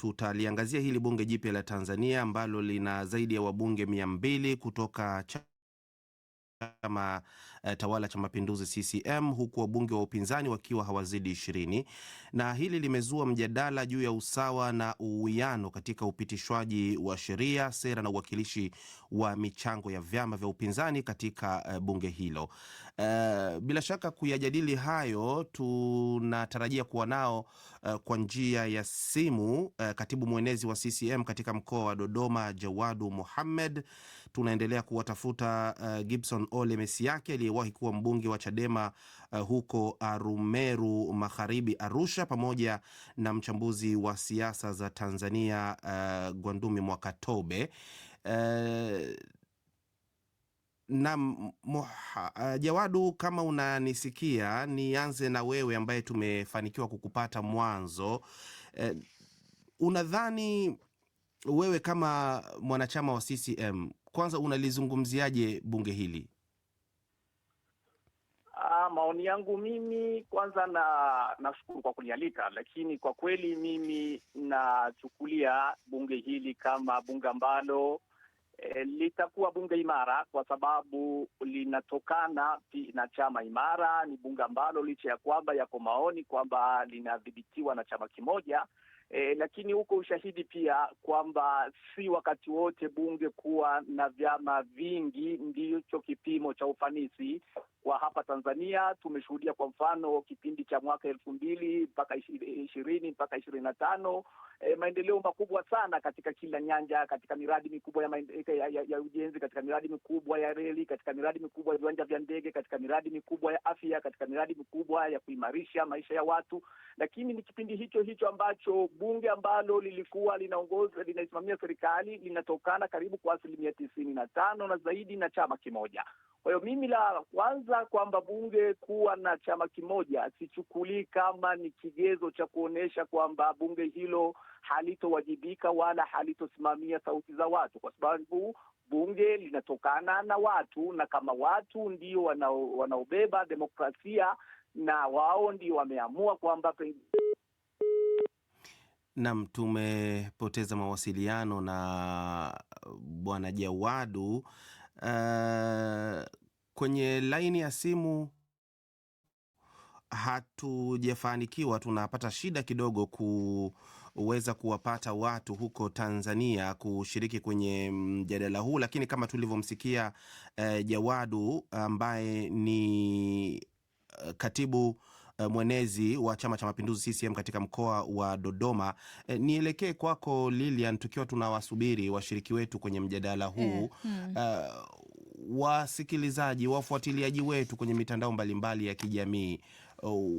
tutaliangazia hili bunge jipya la Tanzania ambalo lina zaidi ya wabunge mia mbili kutoka chama eh, tawala cha mapinduzi CCM, huku wabunge wa upinzani wakiwa hawazidi ishirini, na hili limezua mjadala juu ya usawa na uwiano katika upitishwaji wa sheria, sera na uwakilishi wa michango ya vyama vya upinzani katika eh, bunge hilo. Uh, bila shaka kuyajadili hayo tunatarajia kuwa nao uh, kwa njia ya simu uh, katibu mwenezi wa CCM katika mkoa wa Dodoma Jawadu muhammed Tunaendelea kuwatafuta uh, Gibson Ole yake aliyewahi kuwa mbunge wa Chadema uh, huko Arumeru Magharibi Arusha, pamoja na mchambuzi wa siasa za Tanzania uh, Gwandumi Mwakatobe uh, Naam, ah, Jawadu, kama unanisikia, nianze na wewe ambaye tumefanikiwa kukupata mwanzo. Eh, unadhani wewe kama mwanachama wa CCM kwanza unalizungumziaje bunge hili? Ah, maoni yangu mimi kwanza, na nashukuru kwa kunialika, lakini kwa kweli mimi nachukulia bunge hili kama bunge ambalo e, litakuwa bunge imara kwa sababu linatokana na chama imara. Ni bunge ambalo licha ya kwamba yako maoni kwamba linadhibitiwa na chama kimoja e, lakini huko ushahidi pia kwamba si wakati wote bunge kuwa na vyama vingi ndicho kipimo cha ufanisi wa hapa Tanzania. Tumeshuhudia kwa mfano kipindi cha mwaka elfu mbili mpaka ishirini mpaka ishirini na tano E, maendeleo makubwa sana katika kila nyanja, katika miradi mikubwa ya, ya, ya, ya ujenzi, katika miradi mikubwa ya reli, katika miradi mikubwa ya viwanja vya ndege, katika miradi mikubwa ya afya, katika miradi mikubwa ya kuimarisha maisha ya watu. Lakini ni kipindi hicho hicho ambacho bunge ambalo lilikuwa linaongoza linaisimamia serikali linatokana karibu kwa asilimia tisini na tano na zaidi na chama kimoja. Kwa hiyo mimi, la kwanza kwamba bunge kuwa na chama kimoja sichukulii kama ni kigezo cha kuonyesha kwamba bunge hilo halitowajibika wala halitosimamia sauti za watu, kwa sababu bunge linatokana na watu, na kama watu ndio wanaobeba demokrasia na wao ndio wameamua kwamba Nam, tumepoteza mawasiliano na Bwana Jawadu uh, kwenye laini ya simu hatujafanikiwa, tunapata shida kidogo kuweza kuwapata watu huko Tanzania kushiriki kwenye mjadala huu, lakini kama tulivyomsikia uh, Jawadu ambaye ni eh, katibu Eh, mwenezi wa Chama cha Mapinduzi CCM katika mkoa wa Dodoma. E, nielekee kwako Lilian, tukiwa tunawasubiri washiriki wetu kwenye mjadala huu mm. uh, wasikilizaji wafuatiliaji wetu kwenye mitandao mbalimbali ya kijamii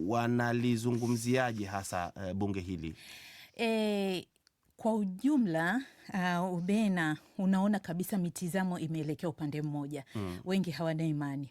wanalizungumziaje hasa uh, bunge hili e, kwa ujumla uh, Ubena unaona kabisa mitizamo imeelekea upande mmoja mm. wengi hawana imani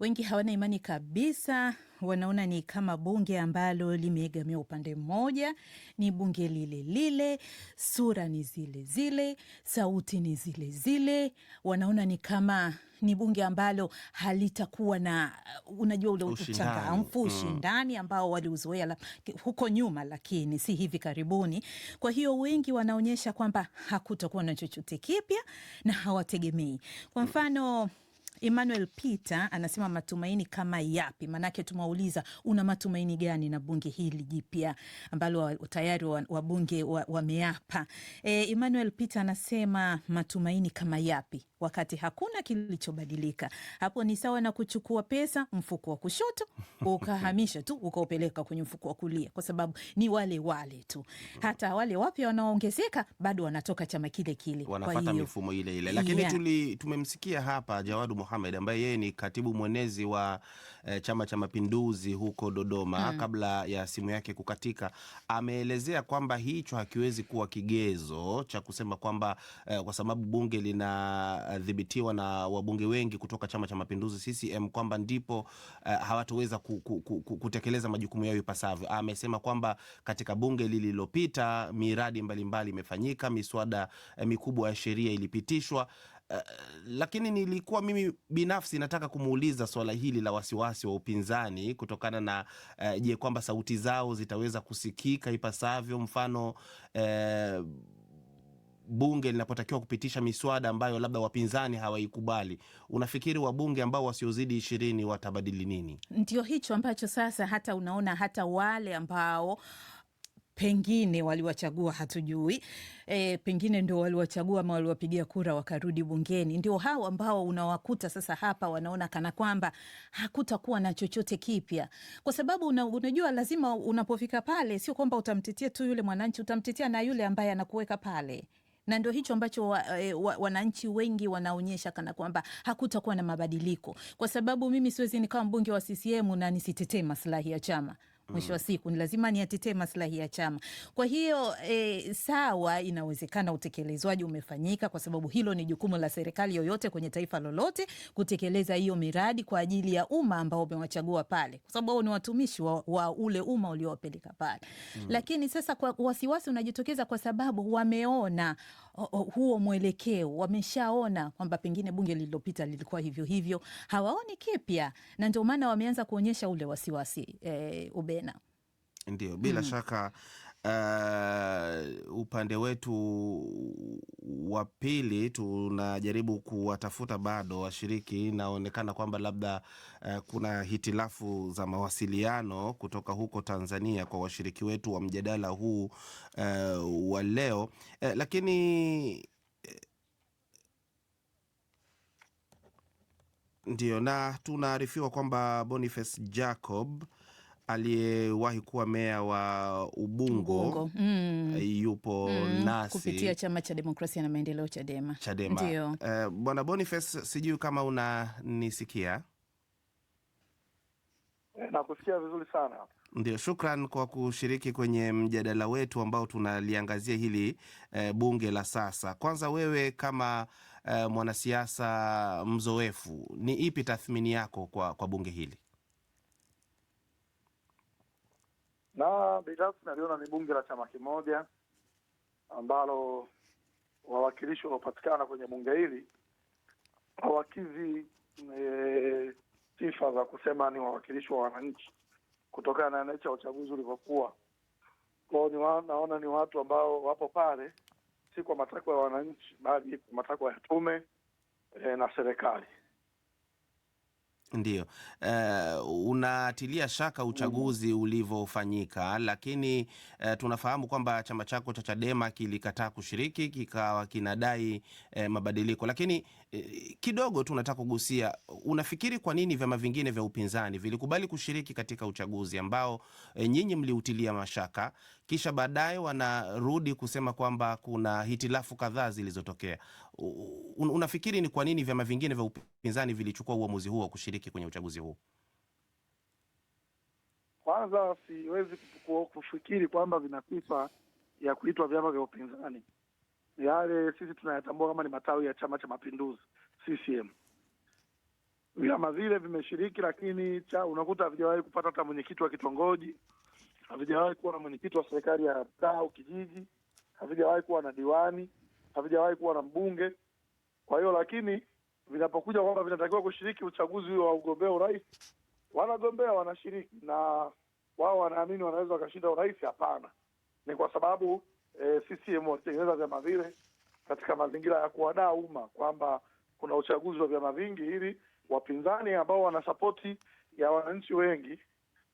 Wengi hawana imani kabisa, wanaona ni kama bunge ambalo limeegamia upande mmoja, ni bunge lile lile, sura ni zile zile, sauti ni zile zile. Wanaona ni kama ni bunge ambalo halitakuwa na unajua ule uchangamfu, mm. ushindani ambao waliuzoea la, huko nyuma, lakini si hivi karibuni. Kwa hiyo wengi wanaonyesha kwamba hakutakuwa na chochote kipya na hawategemei kwa mfano Emmanuel Peter anasema matumaini kama yapi? Maanake tumewauliza una matumaini gani na bunge hili jipya ambalo tayari wabunge wameapa. E, Emmanuel Peter anasema matumaini kama yapi? wakati hakuna kilichobadilika. Hapo ni sawa na kuchukua pesa mfuko wa kushoto ukahamisha tu ukaupeleka kwenye mfuko wa kulia, kwa sababu ni wale wale tu. Hata wale wapya wanaoongezeka bado wanatoka chama kile kile, wanafata mifumo ile ile. Lakini yeah, tuli tumemsikia hapa Jawadu muhamed ambaye yeye ni katibu mwenezi wa Eh, Chama cha Mapinduzi huko Dodoma mm. kabla ya simu yake kukatika, ameelezea kwamba hicho hakiwezi kuwa kigezo cha kusema kwamba eh, kwa sababu bunge linadhibitiwa na wabunge wengi kutoka Chama cha Mapinduzi CCM kwamba ndipo eh, hawatoweza ku, ku, ku, ku, kutekeleza majukumu yao ipasavyo. Amesema kwamba katika bunge lililopita miradi mbalimbali imefanyika mbali, miswada eh, mikubwa ya sheria ilipitishwa lakini nilikuwa mimi binafsi nataka kumuuliza swala hili la wasiwasi wa upinzani kutokana na uh, je, kwamba sauti zao zitaweza kusikika ipasavyo? Mfano uh, bunge linapotakiwa kupitisha miswada ambayo labda wapinzani hawaikubali, unafikiri wabunge ambao wasiozidi ishirini watabadili nini? Ndio hicho ambacho sasa hata unaona hata wale ambao pengine waliwachagua hatujui, e, pengine ndio waliwachagua ama waliwapigia kura wakarudi bungeni, ndio hao ambao unawakuta sasa hapa wanaona kana kwamba hakutakuwa na chochote kipya, kwa sababu una, unajua lazima unapofika pale, sio kwamba utamtetea tu yule mwananchi, utamtetea na yule ambaye anakuweka pale na ndio hicho ambacho wa, e, wa, wananchi wengi wanaonyesha kana kwamba hakutakuwa na mabadiliko, kwa sababu mimi siwezi nikawa mbunge wa CCM na nisitetee maslahi ya chama mwisho wa mm. siku ni lazima niatetee maslahi ya chama. Kwa hiyo e, sawa, inawezekana utekelezwaji umefanyika, kwa sababu hilo ni jukumu la serikali yoyote kwenye taifa lolote kutekeleza hiyo miradi kwa ajili ya umma ambao umewachagua pale, kwa sababu wao ni watumishi wa, wa ule umma uliowapeleka pale mm. Lakini sasa kwa wasiwasi unajitokeza kwa sababu wameona huo mwelekeo, wameshaona kwamba pengine bunge lililopita lilikuwa hivyo hivyo, hawaoni kipya, na ndio maana wameanza kuonyesha ule wasiwasi wasi, eh, e, Ubena. Ndio, bila hmm, shaka Uh, upande wetu wa pili tunajaribu kuwatafuta bado washiriki. Inaonekana kwamba labda uh, kuna hitilafu za mawasiliano kutoka huko Tanzania kwa washiriki wetu wa mjadala huu uh, wa leo uh, lakini ndio na tunaarifiwa kwamba Boniface Jacob aliyewahi kuwa meya wa Ubungo, Ubungo. Mm. yupo mm. nasi kupitia chama cha demokrasia na maendeleo Chadema, Chadema. Ndio. Uh, eh, Bwana Boniface, sijui kama unanisikia? Eh, nakusikia vizuri sana. Ndio, shukran kwa kushiriki kwenye mjadala wetu ambao tunaliangazia hili e, bunge la sasa. Kwanza wewe kama e, mwanasiasa mzoefu, ni ipi tathmini yako kwa, kwa bunge hili? na binafsi naliona ni bunge la chama kimoja ambalo wawakilishi wanaopatikana kwenye bunge hili hawakidhi e, sifa za kusema ni wawakilishi wa wananchi kutokana na nature ya uchaguzi ulivyokuwa. Kwao ni naona ni watu ambao wapo pale si kwa matakwa ya wananchi, bali kwa matakwa ya tume e, na serikali ndio Uh, eh, unatilia shaka uchaguzi ulivyofanyika, lakini uh, tunafahamu kwamba chama chako cha Chadema kilikataa kushiriki kikawa kinadai uh, mabadiliko, lakini uh, kidogo tu nataka kugusia, unafikiri kwa nini vyama vingine vya upinzani vilikubali kushiriki katika uchaguzi ambao uh, nyinyi mliutilia mashaka, kisha baadaye wanarudi kusema kwamba kuna hitilafu kadhaa zilizotokea? unafikiri ni kwa nini vyama vingine vya upinzani vilichukua uamuzi huo wa kushiriki kwenye uchaguzi huu? Kwanza siwezi kufikiri kwamba vina sifa ya kuitwa vyama vya upinzani. Yale sisi tunayatambua kama ni matawi ya Chama cha Mapinduzi, CCM. Vyama vile vimeshiriki, lakini cha unakuta havijawahi kupata hata mwenyekiti wa kitongoji, havijawahi kuwa na mwenyekiti wa serikali ya mtaa au kijiji, havijawahi kuwa na diwani havijawahi kuwa na mbunge. Kwa hiyo lakini vinapokuja kwamba vinatakiwa kushiriki uchaguzi huo wa ugombea urais, wanagombea wanashiriki, na wao wanaamini wanaweza wakashinda urais? Hapana, ni kwa sababu e, eh, CCM walitengeneza vyama vile katika mazingira ya kuwadaa umma kwamba kuna uchaguzi wa vyama vingi, ili wapinzani ambao wana sapoti ya wananchi wengi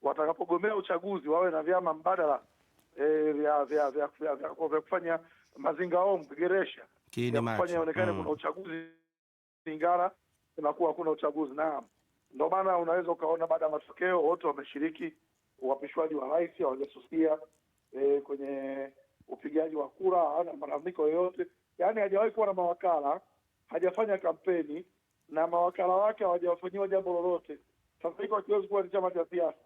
watakapogombea uchaguzi wawe na vyama mbadala e, eh, vya, vya, vya, vya, vya, vya, vya kufanya Mazingao mkigeresha kufanya ionekane mm. kuna uchaguzi ingara unakuwa hakuna uchaguzi. Naam, ndio maana unaweza ukaona baada ya matokeo wote wameshiriki uapishwaji wa rais, hawajasusia e, kwenye upigaji wa kura, hawana malalamiko yoyote. Yaani hajawahi kuwa na mawakala, hajafanya kampeni na mawakala wake hawajafanyiwa jambo lolote. Sasa hiko hakiwezi kuwa ni chama cha siasa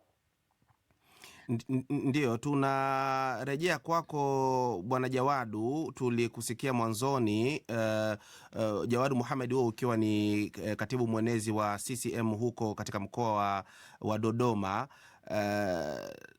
ndio tunarejea kwako Bwana Jawadu. Tulikusikia mwanzoni uh, uh, Jawadu Muhamed, huo ukiwa ni eh, katibu mwenezi wa CCM huko katika mkoa wa, wa Dodoma uh,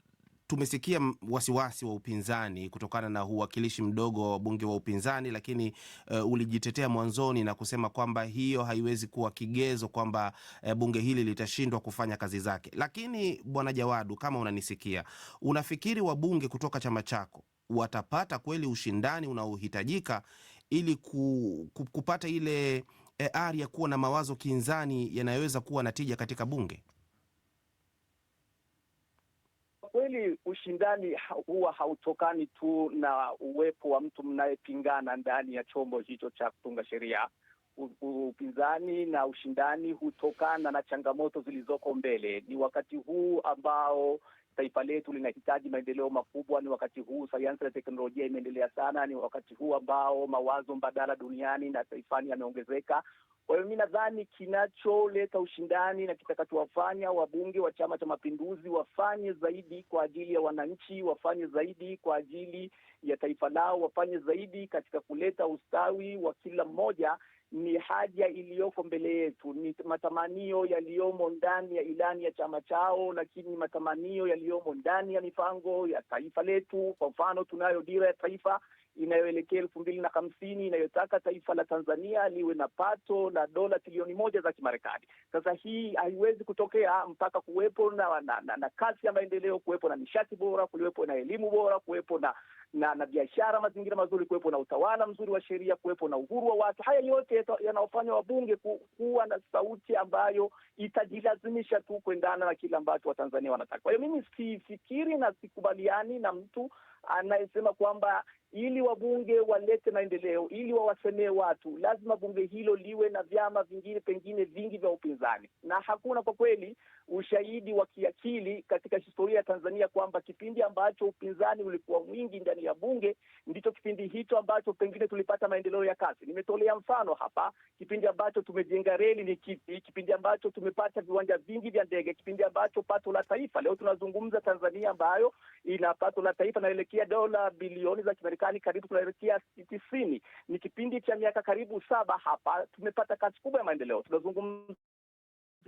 tumesikia wasiwasi wa upinzani kutokana na uwakilishi mdogo wa wabunge wa upinzani, lakini uh, ulijitetea mwanzoni na kusema kwamba hiyo haiwezi kuwa kigezo kwamba uh, bunge hili litashindwa kufanya kazi zake. Lakini bwana Jawadu, kama unanisikia, unafikiri wabunge kutoka chama chako watapata kweli ushindani unaohitajika ili ku, ku, kupata ile eh, ari ya kuwa na mawazo kinzani yanayoweza kuwa na tija katika bunge? kweli ushindani huwa hautokani tu na uwepo wa mtu mnayepingana ndani ya chombo hicho cha kutunga sheria. Upinzani na ushindani hutokana na changamoto zilizoko mbele. Ni wakati huu ambao taifa letu linahitaji maendeleo makubwa. Ni wakati huu sayansi na teknolojia imeendelea sana, ni wakati huu ambao mawazo mbadala duniani na taifani yameongezeka. Kwa hiyo mi nadhani kinacholeta ushindani na kitakachowafanya wabunge wa Chama cha Mapinduzi wafanye zaidi kwa ajili ya wananchi, wafanye zaidi kwa ajili ya taifa lao, wafanye zaidi katika kuleta ustawi wa kila mmoja ni haja iliyoko mbele yetu, ni matamanio yaliyomo ndani ya ilani ya chama chao, lakini matamanio yaliyomo ndani ya mipango ya taifa letu. Kwa mfano, tunayo dira ya taifa inayoelekea elfu mbili na hamsini inayotaka taifa la Tanzania liwe na pato la dola trilioni moja za Kimarekani. Sasa hii haiwezi kutokea mpaka kuwepo na, na, na, na kasi ya maendeleo, kuwepo na nishati bora, kuwepo na elimu bora, kuwepo na, na, na biashara, mazingira mazuri, kuwepo na utawala mzuri wa sheria, kuwepo na uhuru wa watu. Haya yote yanayofanywa wabunge kuwa na sauti ambayo itajilazimisha tu kuendana na kile ambacho Watanzania wanataka. Kwa hiyo mimi sifikiri na sikubaliani na mtu anayesema kwamba ili wabunge walete maendeleo, ili wawasemee watu, lazima bunge hilo liwe na vyama vingine pengine vingi vya upinzani, na hakuna kwa kweli ushahidi wa kiakili katika historia ya Tanzania kwamba kipindi ambacho upinzani ulikuwa mwingi ndani ya bunge ndicho kipindi hicho ambacho pengine tulipata maendeleo ya kasi. Nimetolea mfano hapa, kipindi ambacho tumejenga reli ni kipi? Kipindi ambacho tumepata viwanja vingi vya ndege, kipindi ambacho pato la taifa, leo tunazungumza Tanzania ambayo ina pato la taifa naelekea dola bilioni za Kimarekani, karibu tunaelekea tisini. Ni kipindi cha miaka karibu saba hapa tumepata kasi kubwa ya maendeleo, tunazungumza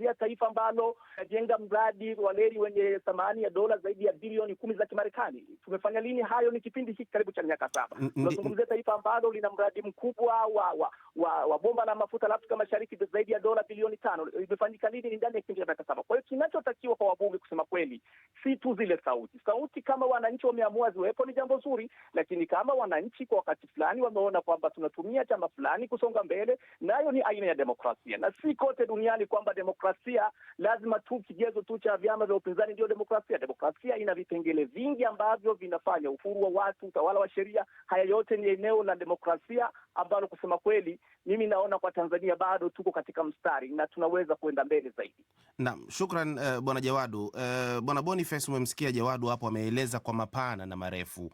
tunazungumzia taifa ambalo inajenga mradi wa reli wenye thamani ya dola zaidi ya bilioni kumi za Kimarekani. Tumefanya lini hayo? Ni kipindi hiki karibu cha miaka saba. Mm, mm, mm. Tunazungumzia taifa ambalo lina mradi mkubwa wa wa, wa, wa bomba la mafuta la Afrika Mashariki zaidi ya dola bilioni tano. Imefanyika lini? Ni ndani ya kipindi cha miaka saba. Kwa hiyo kinachotakiwa kwa wabunge kusema kweli si tu zile sauti. Sauti kama wananchi wameamua ziwepo ni jambo zuri, lakini kama wananchi kwa wakati fulani wameona kwamba tunatumia chama fulani kusonga mbele, nayo ni aina ya demokrasia, na si kote duniani kwamba demokrasia lazima tu kigezo tu cha vyama vya upinzani ndio demokrasia. Demokrasia ina vipengele vingi ambavyo vinafanya uhuru wa watu, utawala wa sheria, haya yote ni eneo la demokrasia ambalo kusema kweli mimi naona kwa Tanzania bado tuko katika mstari na tunaweza kuenda mbele zaidi. Naam, shukran uh, bwana Jawadu. Uh, bwana Boniface, umemsikia Jawadu hapo ameeleza kwa mapana na marefu.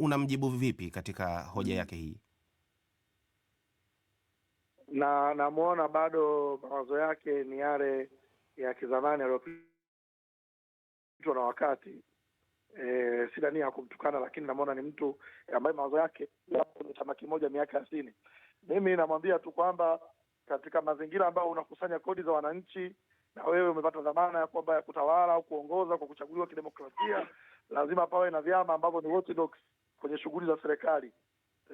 Unamjibu vipi katika hoja yake hii? na namwona bado mawazo yake ni yale ya kizamani yaliyopitwa na wakati, E, sina nia ya kumtukana, lakini namwona ni mtu eh, ambaye mawazo yake yapo kwenye chama kimoja miaka hamsini. Mimi namwambia tu kwamba katika mazingira ambayo unakusanya kodi za wananchi na wewe umepata dhamana ya kwamba ya kutawala au kuongoza kwa kuchaguliwa kidemokrasia, lazima pawe na vyama ambavyo ni kwenye shughuli za serikali.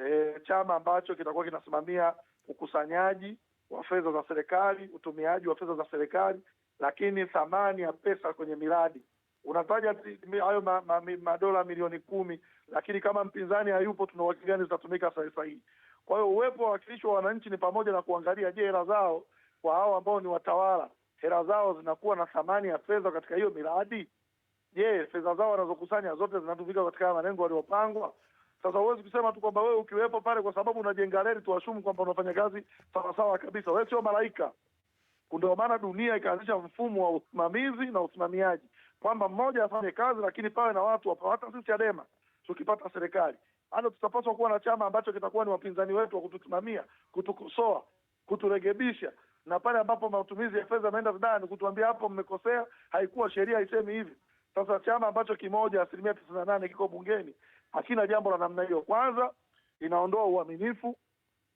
E, chama ambacho kitakuwa kinasimamia ukusanyaji wa fedha za serikali, utumiaji wa fedha za serikali, lakini thamani ya pesa kwenye miradi unataja hayo madola ma, ma, milioni kumi, lakini kama mpinzani hayupo, tuna wakili gani zitatumika sasa hii? Kwa hiyo uwepo wa wawakilishi wa wananchi ni pamoja na kuangalia, je, hela zao kwa hao ambao ni watawala, hela zao zinakuwa na thamani ya fedha katika hiyo miradi? Je, fedha zao wanazokusanya zote zinatumika katika malengo waliopangwa? Sasa huwezi kusema tu kwamba wewe ukiwepo pale kwa sababu unajenga reli tuwashumu kwamba unafanya kazi sawasawa kabisa. Wewe sio malaika. Ndio maana dunia ikaanzisha mfumo wa usimamizi na usimamiaji kwamba mmoja afanye kazi, lakini pawe na watu wapo. Hata sisi Adema tukipata serikali, hata tutapaswa kuwa na chama ambacho kitakuwa ni wapinzani wetu wa kutusimamia, kutukosoa, kuturekebisha na pale ambapo matumizi ya fedha ameenda vibaya ni kutuambia hapo mmekosea, haikuwa sheria haisemi hivi. Sasa chama ambacho kimoja asilimia tisini na nane kiko bungeni hakina jambo la namna hiyo. Kwanza inaondoa uaminifu,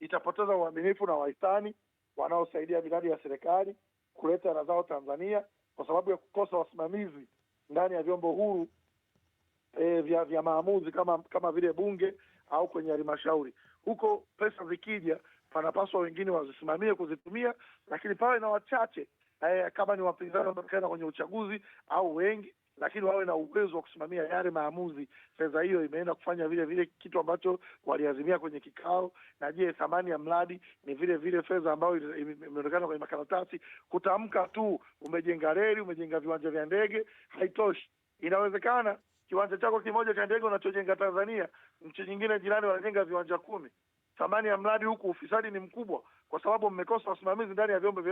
itapoteza uaminifu na wahisani wanaosaidia miradi ya serikali kuleta hela zao Tanzania kwa sababu ya kukosa wasimamizi ndani ya vyombo huru e, vya vya maamuzi kama kama vile bunge au kwenye halmashauri. Huko pesa zikija, panapaswa wengine wazisimamie kuzitumia, lakini pawe na wachache e, kama ni wapinzani wanaopatikana kwenye uchaguzi au wengi lakini wawe na uwezo wa kusimamia yale maamuzi. Fedha hiyo imeenda kufanya vile vile kitu ambacho waliazimia kwenye kikao, na je, thamani ya mradi ni vile vile fedha ambayo imeonekana kwenye makaratasi? Kutamka tu umejenga reli, umejenga viwanja vya ndege haitoshi. Inawezekana kiwanja chako kimoja cha ndege unachojenga Tanzania, nchi nyingine jirani wanajenga viwanja kumi. Thamani ya mradi huku, ufisadi ni mkubwa, kwa sababu mmekosa wasimamizi ndani ya vyombo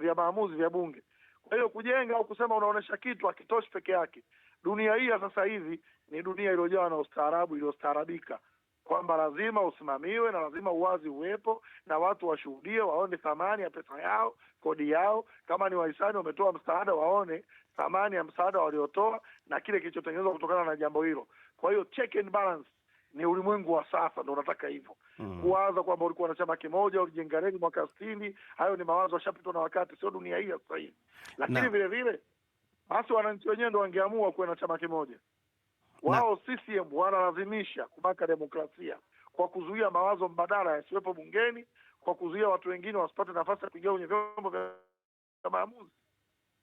vya maamuzi vya Bunge. Kwa hiyo kujenga au kusema unaonesha kitu hakitoshi peke yake. Dunia hii ya sasa hivi ni dunia iliyojawa na ustaarabu, iliyostaarabika kwamba lazima usimamiwe na lazima uwazi uwepo na watu washuhudie, waone thamani ya pesa yao, kodi yao. Kama ni wahisani wametoa msaada, waone thamani ya msaada waliotoa na kile kilichotengenezwa kutokana na jambo hilo. Kwa hiyo check and balance ni ulimwengu wa sasa ndo unataka hivyo mm. Kuwaza kwamba ulikuwa na chama kimoja ulijenga reli mwaka sitini, hayo ni mawazo ashapitwa na wakati, sio dunia hii ya sasa hivi. Lakini vile vile basi wananchi wenyewe ndo wangeamua kuwe na chama kimoja wao. CCM wanalazimisha kubaka demokrasia kwa kuzuia mawazo mbadala yasiwepo bungeni, kwa kuzuia watu wengine wasipate nafasi ya kuingia kwenye vyombo vya maamuzi.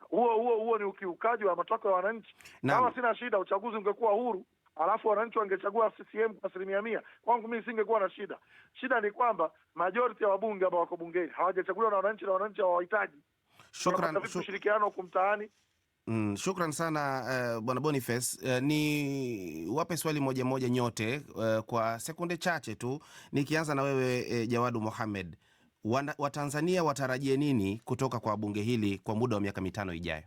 Huo huo huo ni ukiukaji wa matakwa ya wananchi. Kama sina shida, uchaguzi ungekuwa huru alafu wananchi wangechagua CCM kwa asilimia mia, kwangu mimi singekuwa na shida. Shida ni kwamba majority ya wabunge ambao wako bungeni hawajachaguliwa na wananchi na wananchi hawahitaji Shukrani, ushirikiano huku mtaani. Mm, shukran sana uh, Bwana Boniface uh, ni wape swali moja moja nyote uh, kwa sekunde chache tu, nikianza na wewe uh, Jawadu Mohamed, Watanzania watarajie nini kutoka kwa bunge hili kwa muda wa miaka mitano ijayo?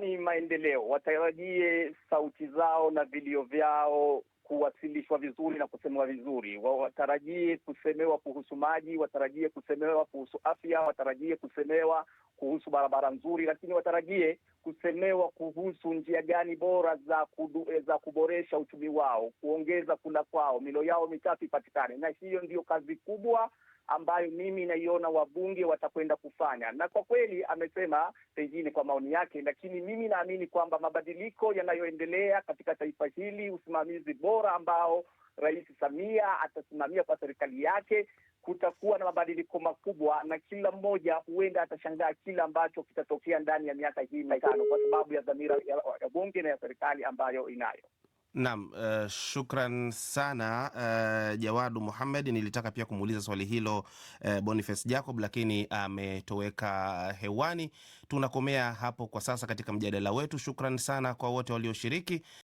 ni maendeleo, watarajie sauti zao na vilio vyao kuwasilishwa vizuri na kusemewa vizuri. Watarajie kusemewa kuhusu maji, watarajie kusemewa kuhusu afya, watarajie kusemewa kuhusu barabara nzuri, lakini watarajie kusemewa kuhusu njia gani bora za kudu, za kuboresha uchumi wao, kuongeza kula kwao, milo yao mitatu ipatikane, na hiyo ndiyo kazi kubwa ambayo mimi naiona wabunge watakwenda kufanya, na kwa kweli amesema pengine kwa maoni yake, lakini mimi naamini kwamba mabadiliko yanayoendelea katika taifa hili, usimamizi bora ambao Rais Samia atasimamia kwa serikali yake, kutakuwa na mabadiliko makubwa, na kila mmoja huenda atashangaa kile ambacho kitatokea ndani ya miaka hii mitano, kwa sababu ya dhamira ya bunge na ya serikali ambayo inayo. Naam, uh, shukran sana uh, eh, Jawadu Muhamed. Nilitaka pia kumuuliza swali hilo uh, Boniface Jacob lakini ametoweka uh, hewani. Tunakomea hapo kwa sasa katika mjadala wetu. Shukran sana kwa wote walioshiriki